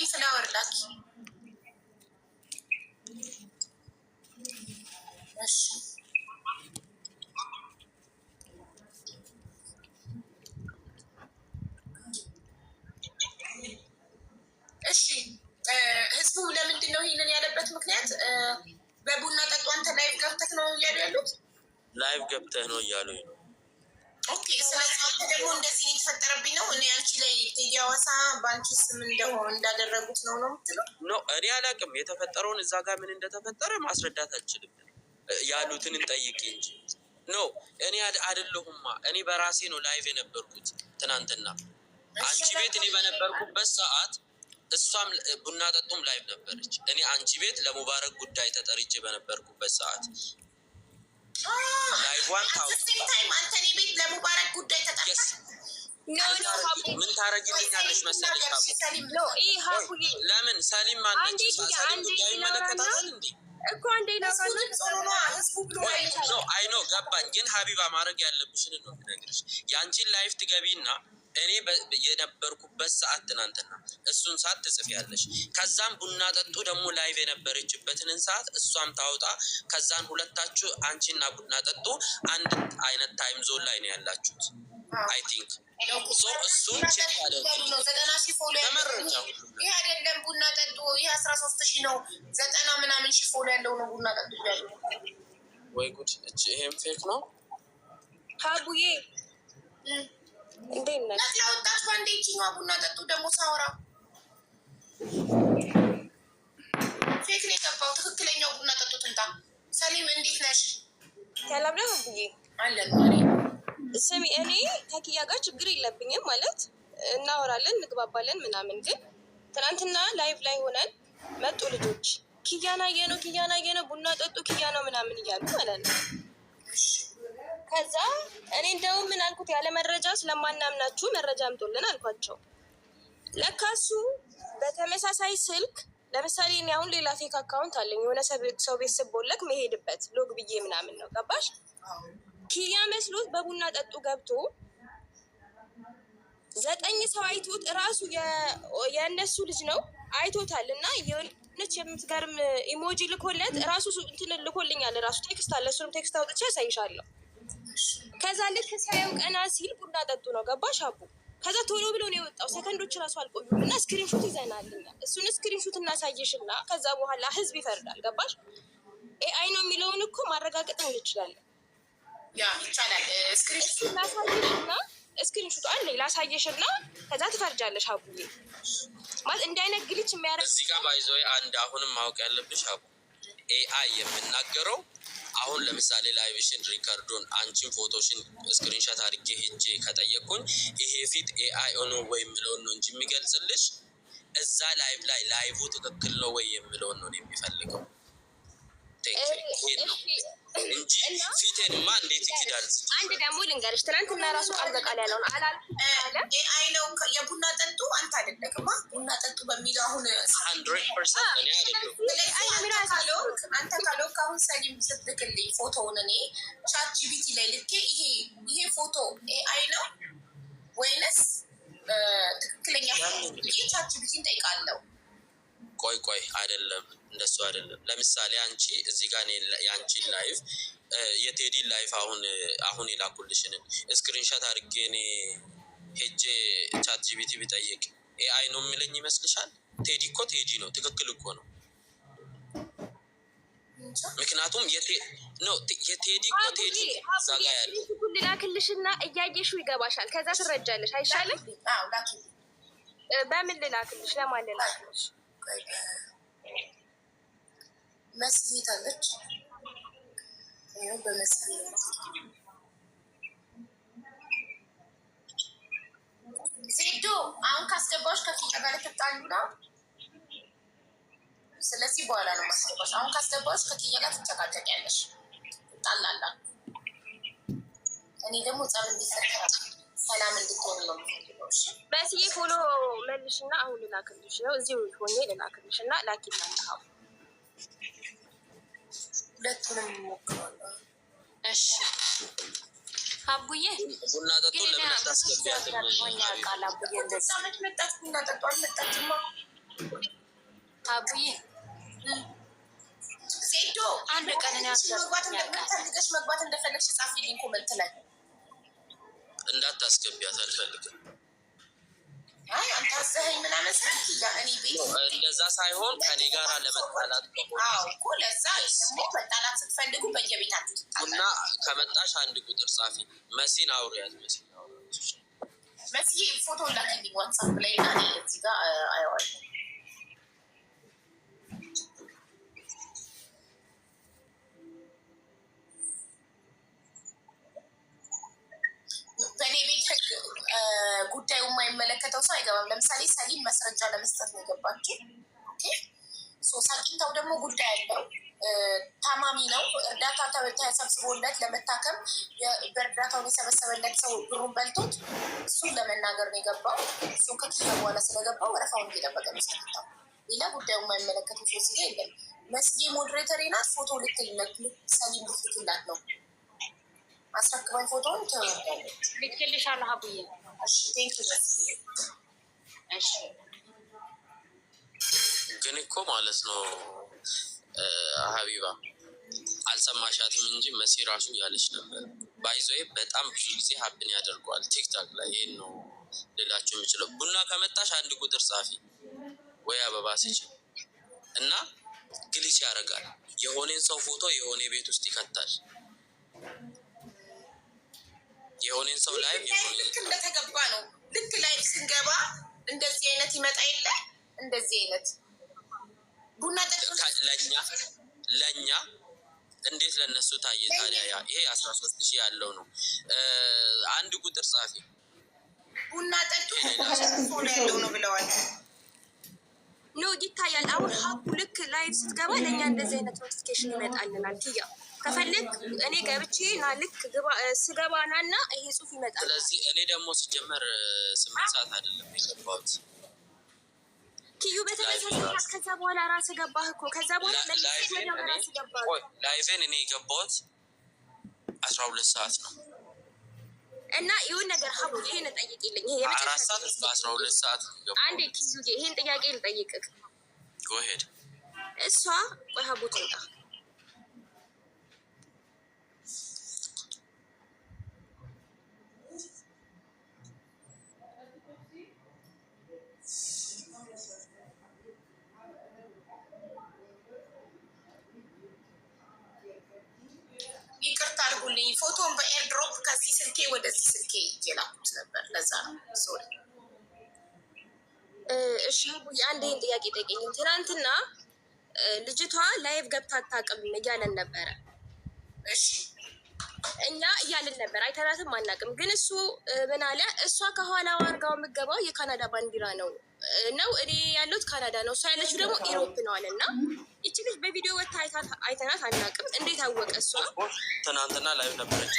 ይህ ስለወርላች እሺ ህዝቡ ለምንድን ነው ይህንን ያለበት ምክንያት? በቡና ጠጡ አንተ ላይቭ ገብተህ ነው እያሉ ያሉት? ላይቭ ገብተህ ነው ኦኬ ስለዚህ ደግሞ እንደዚህ የተፈጠረብኝ ነው እኔ አንቺ ላይ ቴዲያዋሳ በአንቺ ስም እንደሆነ እንዳደረጉት ነው ነው ምትለው? ኖ እኔ አላቅም። የተፈጠረውን እዛ ጋር ምን እንደተፈጠረ ማስረዳት አልችልም። ያሉትን እንጠይቅ እንጂ ኖ እኔ አይደለሁማ። እኔ በራሴ ነው ላይቭ የነበርኩት ትናንትና አንቺ ቤት እኔ በነበርኩበት ሰዓት እሷም ቡና ጠጡም ላይቭ ነበረች። እኔ አንቺ ቤት ለሙባረክ ጉዳይ ተጠርቼ በነበርኩበት ሰዓት ላይዋን አንተኔ ቤት ለሙባረክ ጉዳይ ተጠፋ። ምን ታረጊልኛለሽ መሰለኝ ለምን ሰሊም ማነች ሰሊም ጉዳዩ ይመለከታታል እንዴ እኮ አንዴ ነው አይኖ ገባኝ ግን ሀቢባ ማድረግ ያለብሽን ነው የምነግርሽ የአንቺን ላይፍ ትገቢና እኔ የነበርኩበት ሰዓት ትናንትና እሱን ሰዓት ትጽፊያለሽ። ከዛም ቡና ጠጡ ደግሞ ላይቭ የነበረችበትንን ሰዓት እሷም ታወጣ። ከዛን ሁለታችሁ አንቺና ቡና ጠጡ አንድ አይነት ታይም ዞን ላይ ነው ያላችሁት። አይ ቲንክ እሱን ቼክ ያደርግመረጃው ይህ አይደለም። ቡና ጠጡ ይህ አስራ ሶስት ሺ ነው ዘጠና ምናምን ሺ ፎሎ ያለው ነው ቡና ጠጡ ያለ ወይ ጉድ! ይሄም ፌክ ነው ሀቡዬ እንዴት ነህ? ነቅላ ወጣች። በአንዴ ይችኛዋ ቡና ጠጡ። ደግሞ ሳወራ ፌክ ነው የገባው። ትክክለኛው ቡና ጠጡ ትምጣ። ሰሊም እንዴት ነሽ? ሰላም ነው ብዬ አለን። ስሚ፣ እኔ ከኪያ ጋር ችግር የለብኝም ማለት እናወራለን፣ እንግባባለን ምናምን። ግን ትናንትና ላይቭ ላይ ሆነን መጡ ልጆች ኪያና የነው ኪያና የነው ቡና ጠጡ ኪያ ነው ምናምን እያሉ ማለት ነው ከዛ እኔ እንደውም ምን አልኩት፣ ያለ መረጃ ስለማናምናችሁ መረጃ አምጡልን አልኳቸው። ለካሱ በተመሳሳይ ስልክ ለምሳሌ እኔ አሁን ሌላ ፌክ አካውንት አለኝ የሆነ ሰው ቤት ስቦለክ መሄድበት ሎግ ብዬ ምናምን ነው ገባሽ? ኪያ መስሎት በቡና ጠጡ ገብቶ ዘጠኝ ሰው አይቶት እራሱ የእነሱ ልጅ ነው አይቶታል። እና የሆነች የምትገርም ኢሞጂ ልኮለት እራሱ እንትን ልኮልኛል። እራሱ ቴክስት አለ። እሱንም ቴክስት አውጥቼ ያሳይሻለሁ። ከዛ ልክ ሳየው ቀና ሲል ቡና ጠጡ ነው ገባሽ አቡ ከዛ ቶሎ ብሎ ነው የወጣው። ሰከንዶች ራሱ አልቆዩም እና ስክሪንሹት ይዘናል። እሱን ስክሪንሹት እናሳየሽና ከዛ በኋላ ህዝብ ይፈርዳል። ገባሽ ኤአይ ነው የሚለውን እኮ ማረጋገጥ እንችላለን። ላሳየሽና ስክሪንሹት አለ ላሳየሽና ከዛ ትፈርጃለሽ። አቡዬ ማለት እንዲህ አይነት ግልች የሚያደርግ እዚህ ጋር ባይዘ አንድ አሁንም ማወቅ ያለብሽ አቡ ኤአይ የምናገረው አሁን ለምሳሌ ላይቭሽን ሪከርዱን አንቺን ፎቶሽን ስክሪንሻት አድርጌ ሄጄ ከጠየቅኩኝ ይሄ ፊት ኤአይ ሆኖ ወይ የምለውን ነው እንጂ የሚገልጽልሽ እዛ ላይቭ ላይ ላይቭ ትክክል ነው ወይ የምለውን ነው የሚፈልገው እንጂ ፊቴንማ እንዴት ይክዳል? አንድ ደግሞ ልንገርሽ፣ ትናንትና ራሱ ቃል በቃል ያለውን ኤአይ ነው የቡና ጠጡ አንተ አይደለክማ ቡና ጠጡ በሚለው አሁን አንድሬድ ፐርሰንት እኔ አይደለሁም አንተ ካለው አሁን ሰሊም ስትልክልኝ ፎቶውን እኔ ቻት ጂቢቲ ላይ ልኬ ይሄ ይሄ ፎቶ ኤአይ ነው ወይንስ ትክክለኛ ይ ቻት ጂቢቲ እንጠይቃለው። ቆይ ቆይ፣ አይደለም እንደሱ አይደለም። ለምሳሌ አንቺ እዚህ ጋር የአንቺን ላይፍ የቴዲ ላይፍ አሁን አሁን የላኩልሽንን ስክሪንሻት አድርጌ እኔ ሄጄ ቻት ጂቢቲ ቢጠይቅ ኤአይ ነው የሚለኝ ይመስልሻል? ቴዲ እኮ ቴዲ ነው። ትክክል እኮ ነው። ምክንያቱም የቴዲ ቴዲ እዛ ጋ ያለ ልላክልሽና እያየሹ ይገባሻል። ከዛ ትረጃለሽ አይሻልም? በምን ልላክልሽ? ለማን ልላክልሽ? መስሄት አለች በመስ ዜዶ አሁን ካስገባዎች ከፊት ጋር ትጣሉ ነው ስለዚህ በኋላ ነው ማስገባሽ። አሁን ካስገባሽ ከኪያ ጋር ትጨቃጨቂያለሽ፣ ትጣላላችሁ። እኔ ደግሞ ጸብ እንዲፈታ ሰላም እንድትሆን ነው የምፈልገው። በስዬ ፎሎ መልሽና አሁን ልላክልሽ ነው እዚሁ ሆኜ ልላክልሽ እና ላኪ መልሀው ሁለቱንም ሞክረዋለሁ። እሺ አቡዬ ቡና ጠጡ። ለምን አታስገቢያትም? አቡዬ ሴቶ አንድ ቀን ፈልገሽ መግባት እንደፈለግሽ ጻፊልኝ ኮመንት ላይ እንዳታስገቢያት አልፈልግም። አይ አንተ አዘኸኝ ምናምን ስልክ እኔ ቤት እንደዛ ሳይሆን ከኔ ጋር ለመጣላት እኮ ለዛ ደግሞ መጣላት ስትፈልጉ በየቤታችሁ እና ከመጣሽ አንድ ቁጥር ጻፊ መሲን አውሪያት መሲን አውሪያት መሲ ፎቶ ዋትሳፕ ላይ እዚህ ጋር አየዋለሁ በእኔ ቤት ህግ ጉዳዩ የማይመለከተው ሰው አይገባም። ለምሳሌ ሰሊን ማስረጃ ለመስጠት ነው የገባችው። ሳቂታው ደግሞ ጉዳይ አለው። ታማሚ ነው። እርዳታ ተሰብስቦለት ለመታከም በእርዳታው የሰበሰበለት ሰው ብሩን በልቶት እሱን ለመናገር ነው የገባው። እሱ ከኪያ በኋላ ስለገባው ወረፋውን እየጠበቀ ነው ሳቂታው። ሌላ ጉዳዩ የማይመለከተው ሰው ሲጋ የለም። መስጌ ሞዴሬተር ናት። ፎቶ ልትልነት ሰሊም ልትላት ነው አስረክበኝ ፎቶን አቡዬ። ግን እኮ ማለት ነው ሀቢባ አልሰማሻትም እንጂ መሲ ራሱ ያለች ነበር። ባይዘይ በጣም ብዙ ጊዜ ሀብን ያደርገዋል ቲክታክ ላይ። ይህን ነው ልላችሁ የምችለው። ቡና ከመጣሽ አንድ ቁጥር ጻፊ ወይ አበባ ስጭ እና ግልጽ ያደርጋል። የሆኔን ሰው ፎቶ የሆነ ቤት ውስጥ ይከታል። የሆነን ሰው ላይ ልክ እንደተገባ ነው። ልክ ላይ ስንገባ እንደዚህ አይነት ይመጣ የለ እንደዚህ አይነት ቡና ለእኛ ለእኛ እንዴት ለነሱ ታየ? ታዲያ ያ ይሄ አስራ ሶስት ሺህ ያለው ነው። አንድ ቁጥር ጻፊ ቡና ጠጡ ያለው ነው ብለዋል። ኖ ይታያል። አሁን ሀቡ ልክ ላይቭ ስትገባ ለእኛ እንደዚህ አይነት ኖቲፊኬሽን ይመጣልናል ትያ ከፈለግ እኔ ገብቼ ና ልክ ስገባ ና ና ይሄ ጽሁፍ ይመጣል። ስለዚህ እኔ ደግሞ ስጀመር ስምንት ሰዓት አይደለም የገባሁት ኪዩ በተመሳሳይ ከዛ በኋላ ራስ ገባህ እኮ ከዛ በኋላ ራስ ገባ። ላይቬን እኔ የገባሁት አስራ ሁለት ሰዓት ነው እና ይሁን ነገር ሀቡ ይሄን ጠይቅልኝ። ይሄ አራት ሰዓት እስከ አስራ ሁለት ሰዓት ነው አንዴ ኪዩ ይሄን ጥያቄ ልጠይቅህ። ጎሄድ እሷ ቆይ ሀቡ ትምጣ ስልኬ ወደዚህ ስልኬ እየላኩት ነበር። ለዛ ነው ሶሪ። እሺ አቡዬ አንዴን ጥያቄ ጠይቀኝ። ትናንትና ልጅቷ ላይቭ ገብታ አታውቅም እያለን ነበረ። እሺ እኛ እያልን ነበር፣ አይተናትም አናውቅም። ግን እሱ ምን አለ? እሷ ከኋላ አድርጋው የምገባው የካናዳ ባንዲራ ነው ነው እኔ ያለሁት ካናዳ ነው፣ እሷ ያለችው ደግሞ ኢሮፕ ነው አለ እና ይቺ ልጅ በቪዲዮ ወታ አይተናት አናውቅም። እንዴት አወቀ? እሷ ትናንትና ላይቭ ነበረቻ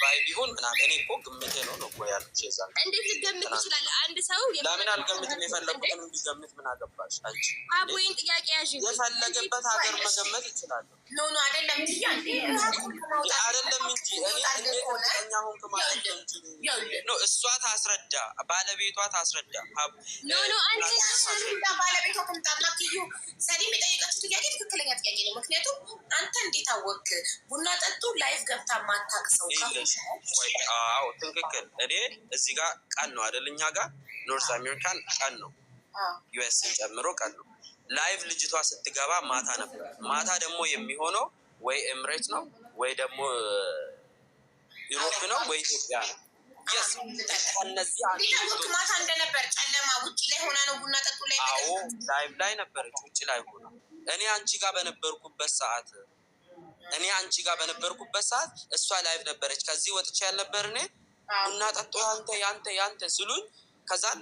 ባይ ቢሆን ምናምን እኔ እኮ ግምቴ ነው ነው ያሉት። የዛ እንዴት ልገምት ይችላል? አንድ ሰው ለምን አልገምትም? የፈለጉትን እንዲገምት ምን አገባሽ አንቺ? አቦይን ጥያቄ ያዥ የፈለገበት ሀገር መገመት ይችላል። ኖ ኖ አይደለም እንጂ አይደለም እንጂ እኔ እሷ ታስረዳ፣ ባለቤቷ ታስረዳ። ባለቤቷ ትምጣና ትዩ ሰሊም የጠየቀችው ጥያቄ ትክክለኛ ጥያቄ ነው። ምክንያቱም አንተ እንዴት ቡና ጠጡ ላይፍ ገብታ ማታቅ ትክክል። እኔ እዚህ ጋር ቀን ነው አይደል? እኛ ጋር ኖርዝ አሜሪካን ቀን ነው፣ ዩኤስን ጨምሮ ቀን ነው። ላይቭ ልጅቷ ስትገባ ማታ ነበር። ማታ ደግሞ የሚሆነው ወይ ኤምሬት ነው ወይ ደግሞ ዩሮፕ ነው ወይ ኢትዮጵያ ነው? የስ ከነዚህ ውጭ ላይ አዎ፣ ላይቭ ላይ ነበረች ውጭ ላይ ሆና እኔ አንቺ ጋር በነበርኩበት ሰዓት እኔ አንቺ ጋር በነበርኩበት ሰዓት እሷ ላይቭ ነበረች። ከዚህ ወጥቼ ያልነበር እኔ ቡና ጠጦ ያንተ ያንተ ያንተ ስሉኝ ከዛን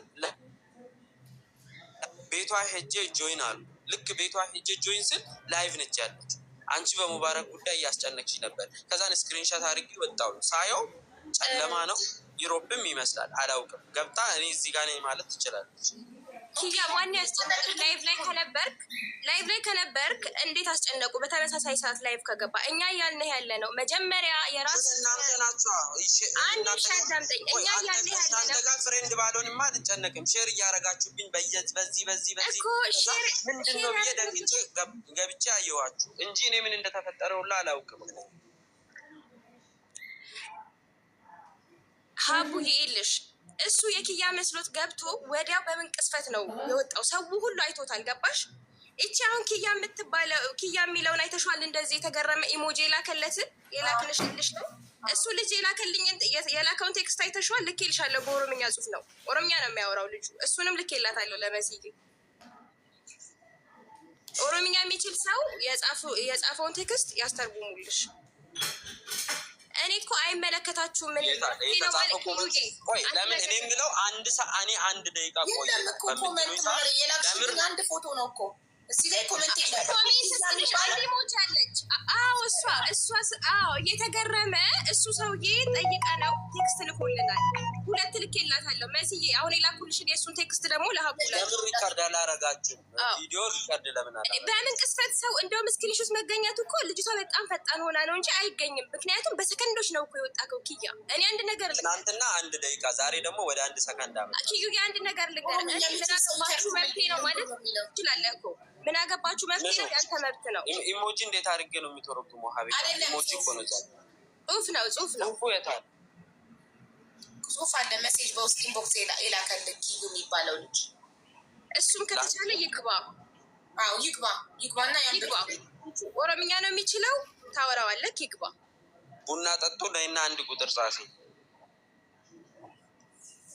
ቤቷ ሄጄ ጆይን አሉ። ልክ ቤቷ ሄጄ ጆይን ስል ላይቭ ነች ያለች አንቺ በሙባረክ ጉዳይ እያስጨነቅሽ ነበር። ከዛን ስክሪንሻት አድርጊ ወጣው ሳየው ጨለማ ነው። ዩሮፕም ይመስላል አላውቅም። ገብታ እኔ እዚህ ጋር ነኝ ማለት ትችላለች። ኪያ ማን ያስጨነቅሽ? ላይቭ ላይ ከነበርክ ላይቭ ላይ ከነበርክ እንዴት አስጨነቁ? በተመሳሳይ ሰዓት ላይቭ ከገባ እኛ እያልንህ ያለ ነው መጀመሪያ የራስ ፍሬንድ ባልሆንማ አልጨነቅም። ሼር እያረጋችሁብኝ በየት በዚህ በዚህ በዚህ ምንድን ነው ብዬ ደንግጬ ገብቼ አየኋችሁ እንጂ እኔ ምን እንደተፈጠረ ሁላ አላውቅም። ሀቡ ይልሽ እሱ የኪያ መስሎት ገብቶ ወዲያው በምን ቅስፈት ነው የወጣው? ሰው ሁሉ አይቶታል። ገባሽ? እቺ አሁን ኪያ የምትባለው ኪያ የሚለውን አይተሽዋል። እንደዚህ የተገረመ ኢሞጂ የላከለትን የላክልሽልሽ ነው እሱ ልጅ የላከልኝ የላከውን ቴክስት ልክ ይልሻለሁ። በኦሮምኛ ጽሁፍ ነው። ኦሮምኛ ነው የሚያወራው ልጁ። እሱንም ልኬላታለሁ ለመሲጌ ኦሮምኛ የሚችል ሰው የጻፈውን ቴክስት ያስተርጉሙልሽ። እኮ አይመለከታችሁም። እኔ ለምን እኔ የምለው አንድ ሰ- እኔ አንድ ደቂቃ ቆይ አንድ ፎቶ ነው እኮ እሷ እሷ እየተገረመ እሱ ሰውዬ ጠይቀ ነው ቴክስት ልኮልናል። ሁለት ልክ የላታለሁ መስዬ። አሁን የላኩልሽን የእሱን ቴክስት ደግሞ ለሀቡላ ለምን ሪካርድ አላረጋችም? ቪዲዮ ሪካርድ ለምን በምን ቅስፈት ሰው እንደውም እስክሪንሾት መገኘቱ እኮ ልጅቷ በጣም ፈጣን ሆና ነው እንጂ አይገኝም። ምክንያቱም በሰከንዶች ነው እኮ የወጣከው ኪያ። እኔ አንድ ነገር ልግ ትናንትና አንድ ደቂቃ ዛሬ ደግሞ ወደ አንድ ሰከንድ አመ ኪዩ የአንድ ነገር ልግ ምናገባችሁ መብቴ ነው ማለት ይችላለ እኮ ምናገባችሁ መብቴ ነው ያንተ መብት ነው። ኢሞጂ እንዴት አድርጌ ነው የሚተረጉመው? ሀቤ ኢሞጂ እኮ ነው ዛ ጽሁፍ ነው ጽሁፍ ነው ጽሁፉ የታል ጽሁፍ አለ መሴጅ በውስጥ ኢንቦክስ የላከልክ ኪዩ የሚባለው ልጅ እሱም ከተቻለ ይግባ። አዎ ይግባ፣ ይግባና ያንግባ። ኦሮምኛ ነው የሚችለው፣ ታወራዋለክ። ይግባ። ቡና ጠጡ ነይና አንድ ቁጥር ጻፊ።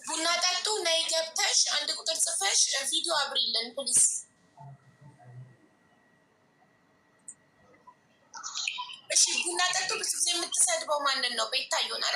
ቡና ጠጡ ነይ ገብተሽ አንድ ቁጥር ጽፈሽ ቪዲዮ አብሪልን ፕሊስ። እሺ ቡና ጠጡ ብዙ ጊዜ የምትሰድበው ማንን ነው? ቤታ ይሆናል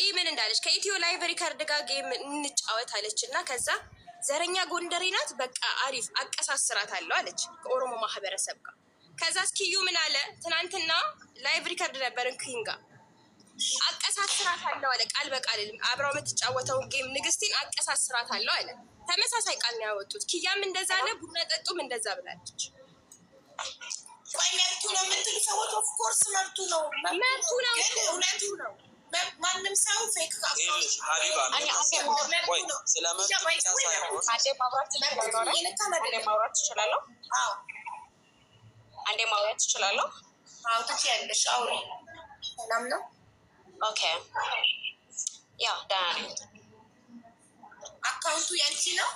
ይህ ምን እንዳለች ከኢትዮ ላይብሪ ካርድ ጋር ጌም እንጫወት አለች እና ከዛ ዘረኛ ጎንደሬ ናት፣ በቃ አሪፍ አቀሳስራት አለው አለች ከኦሮሞ ማህበረሰብ ጋር። ከዛ እስኪዩ ምን አለ ትናንትና ላይብሪ ካርድ ነበርን ክን ጋር አቀሳስራት አለው አለ ቃል በቃል አብረው የምትጫወተውን ጌም ንግስቲን አቀሳስራት አለው አለ። ተመሳሳይ ቃል ነው ያወጡት። ኪያም እንደዛ አለ፣ ቡና ጠጡም እንደዛ ብላለች። ቆይ መብቱ ነው የምትሉ ሰዎች ኦፍኮርስ መብቱ ነው፣ መብቱ ነው፣ መብቱ ነው አንዴ ማውራት ትችላለሁ። ትችያለሽ። አውሪ። ሰላም ነው። ኦኬ። ያው ደህና ነኝ። አካውንቱ ያንቺ ነው?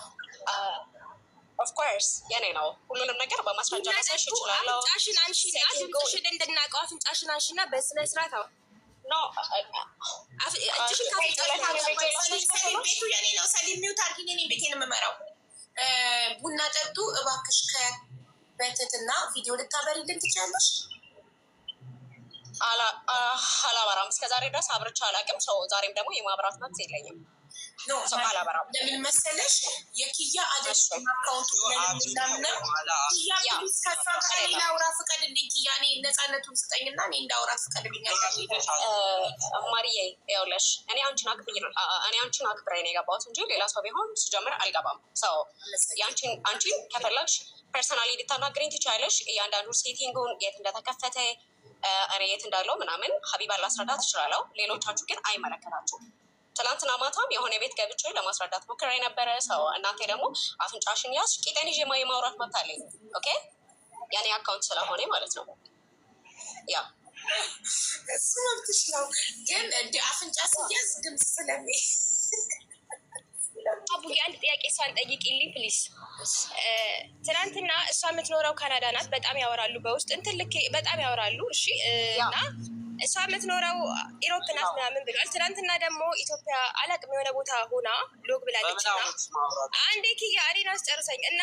ኦፍኮርስ የኔ ነው። ሁሉንም ነገር በማስረጃ ላሳይሽ እችላለሁ። አፍንጫሽን አንሺና ድምፅሽን እንድናውቀው አፍንጫሽን አንሺና በስነ ስርዓት ነው ቤቱ የኔ ነው። ሰሊም ሚውት አድርጊ። እኔ ቤቴን የምመራው ቡና ጠጡ። እባክሽ ከበትትና ቪዲዮ ልታበሪልን ትችላለሽ። አላበራም። እስከዛሬ ድረስ አብርቻ አላውቅም። ሰው ዛሬም ደግሞ የማብራት መብት የለኝም። ለምን መሰለሽ የኪያ አደሽ አካውንቱ ላውራ ፍቀድ ኪያ እኔ ነፃነቱን ስጠኝና እኔ እንዳውራ ማርዬ ይኸውልሽ እኔ አንቺን አክብኝ እኔ አንቺን አክብሬ ነው የገባሁት እንጂ ሌላ ሰው ቢሆን ስጀምር አልገባም። ሰው አንቺን ከፈለግሽ ፐርሰናሊ ትችያለሽ። እያንዳንዱ ሴቲንጉን የት እንደተከፈተ እኔ የት እንዳለው ምናምን ሀቢባ ላስረዳ ሌሎቻችሁ ግን አይመለከታችሁም። ትናንትና ማታም የሆነ ቤት ገብቼ ለማስረዳት ሞክሬ ነበረ። ሰው እናቴ ደግሞ አፍንጫሽን ያዝ፣ ቂጤን ይዤ የማውራት መብት አለኝ። ኦኬ ያኔ አካውንት ስለሆነ ማለት ነው። ያ እሱ መብትሽ ነው፣ ግን እንዲ አፍንጫ ስያዝ ድምፅ ስለሚ አቡ አንድ ጥያቄ እሷን ጠይቂልኝ ፕሊስ። ትናንትና እሷ የምትኖረው ካናዳ ናት። በጣም ያወራሉ በውስጥ እንትን ልኬ በጣም ያወራሉ። እሺ እና እሷ የምትኖረው ኢሮፕ ናት ምናምን ብሏል። ትናንትና ደግሞ ኢትዮጵያ አላቅም የሆነ ቦታ ሆና ሎግ ብላለች። ና አንዴ ኪያ እኔን አስጨርሰኝ እና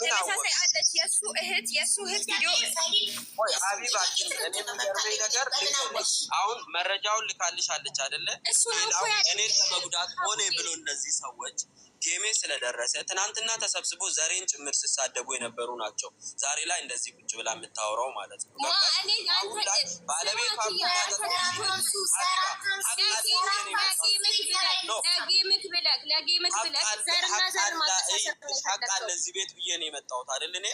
ተመሳሳይ አለች። የእሱ እህት የእሱ እህት ቪዲዮ ሀቢባችን፣ እኔ የሚገርመኝ ነገር አሁን መረጃውን ልካልሽ አለች አደለ እሱ ነው እኔን ለመጉዳት ሆነ ብሎ እነዚህ ሰዎች ጌሜ ስለደረሰ ትናንትና ተሰብስቦ ዛሬን ጭምር ሲሳደቡ የነበሩ ናቸው። ዛሬ ላይ እንደዚህ ቁጭ ብላ የምታወራው ማለት ነው። ለጌምክ ብለህ ዘርና እዚህ ቤት ብዬ ነው የመጣሁት አይደል እኔ